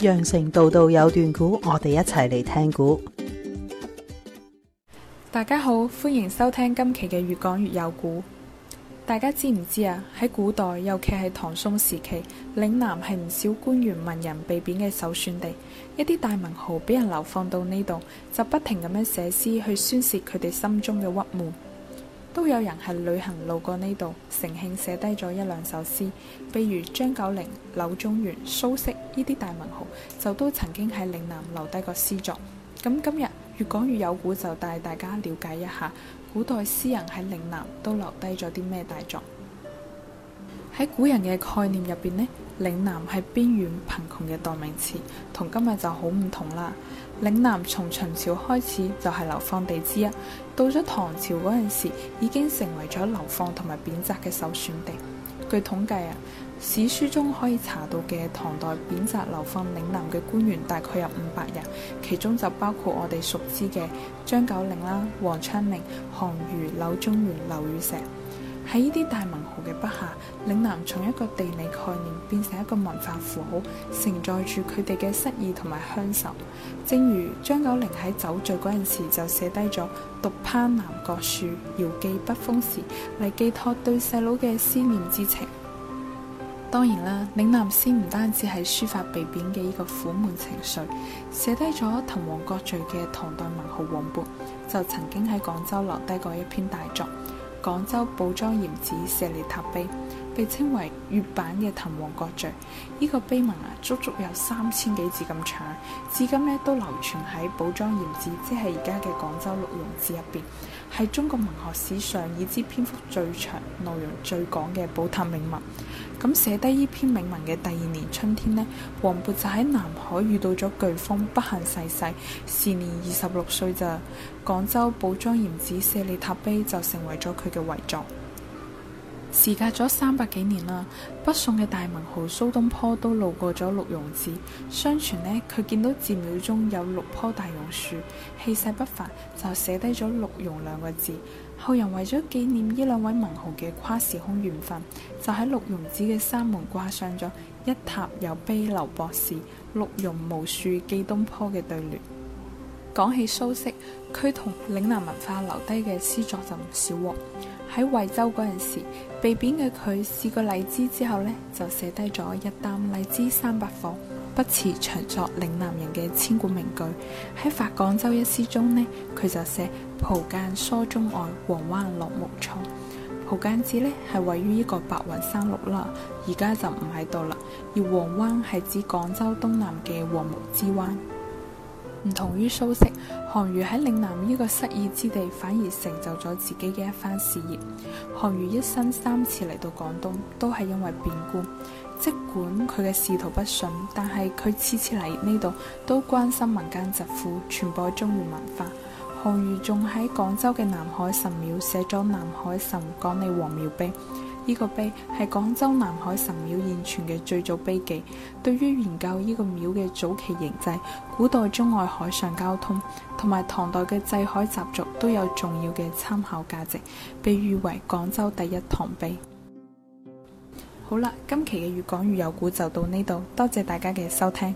羊城道道有段古，我哋一齊嚟聽古。大家好，歡迎收聽今期嘅粵講粵有古。大家知唔知啊？喺古代，尤其係唐宋時期，嶺南係唔少官員文人被貶嘅首選地。一啲大文豪俾人流放到呢度，就不停咁樣寫詩去宣泄佢哋心中嘅鬱悶。都有人係旅行路過呢度，乘興寫低咗一兩首詩，譬如張九齡、柳宗元、蘇軾呢啲大文豪，就都曾經喺嶺南留低過詩作。咁今日粵講粵有古，就帶大家了解一下古代詩人喺嶺南都留低咗啲咩大作。喺古人嘅概念入邊呢，嶺南係邊遠貧窮嘅代名詞，同今日就好唔同啦。嶺南從秦朝開始就係流放地之一，到咗唐朝嗰陣時，已經成為咗流放同埋貶謫嘅首選地。據統計啊，史書中可以查到嘅唐代貶謫流放嶺南嘅官員大概有五百人，其中就包括我哋熟知嘅張九齡啦、王昌齡、韓愈、柳宗元、劉禹錫。喺呢啲大文豪嘅筆下，嶺南從一個地理概念變成一個文化符號，承載住佢哋嘅失意同埋鄉愁。正如張九齡喺酒醉嗰陣時就寫低咗“獨攀南國樹，遙寄北風時”嚟寄託對細佬嘅思念之情。當然啦，嶺南詩唔單止係抒發被貶嘅呢個苦悶情緒，寫低咗滕王閣序嘅唐代文豪王勃就曾經喺廣州留低過一篇大作。廣州寶莊嚴寺舍利塔碑，被稱為粵版嘅滕王閣序。呢、這個碑文啊，足足有三千幾字咁長，至今咧都流傳喺寶莊嚴寺，即係而家嘅廣州六榕寺入邊，係中國文學史上已知篇幅最長、內容最廣嘅寶塔銘文。咁寫低呢篇銘文嘅第二年春天，呢王勃就喺南海遇到咗颶風，不幸逝世，世，時年二十六歲咋。廣州寶莊嚴寺舍利塔碑就成為咗佢嘅遺作。時隔咗三百幾年啦，北宋嘅大文豪蘇東坡都路過咗六榕寺，相傳呢，佢見到寺廟中有六棵大榕樹，氣勢不凡，就寫低咗六榕兩個字。後人為咗紀念呢兩位文豪嘅跨時空緣分，就喺六榕寺嘅山門掛上咗一塔有碑留博士，六榕無樹記東坡嘅對聯。講起蘇軾，佢同嶺南文化留低嘅詩作就唔少喎。喺惠州嗰陣時，被貶嘅佢試過荔枝之後呢，就寫低咗日啖荔枝三百顆。不辭長作嶺南人嘅千古名句，喺《發廣州》一詩中呢，佢就寫蒲澗疏鐘外，黃灣落木初。蒲澗寺呢係位於一個白雲山麓啦，而家就唔喺度啦。而黃灣係指廣州東南嘅黃木之灣。唔同於蘇軾，韓愈喺嶺南呢個失意之地，反而成就咗自己嘅一番事業。韓愈一生三次嚟到廣東，都係因為變故。即管佢嘅仕途不順，但係佢次次嚟呢度都關心民間疾苦，傳播中原文化。韓愈仲喺廣州嘅南海神廟寫咗《南海神廣利王廟碑》。呢個碑係廣州南海神廟現存嘅最早碑記，對於研究呢個廟嘅早期形制、古代中外海上交通同埋唐代嘅祭海習俗都有重要嘅參考價值，被譽為廣州第一唐碑，碑。好啦，今期嘅粵講粵有古就到呢度，多謝大家嘅收聽。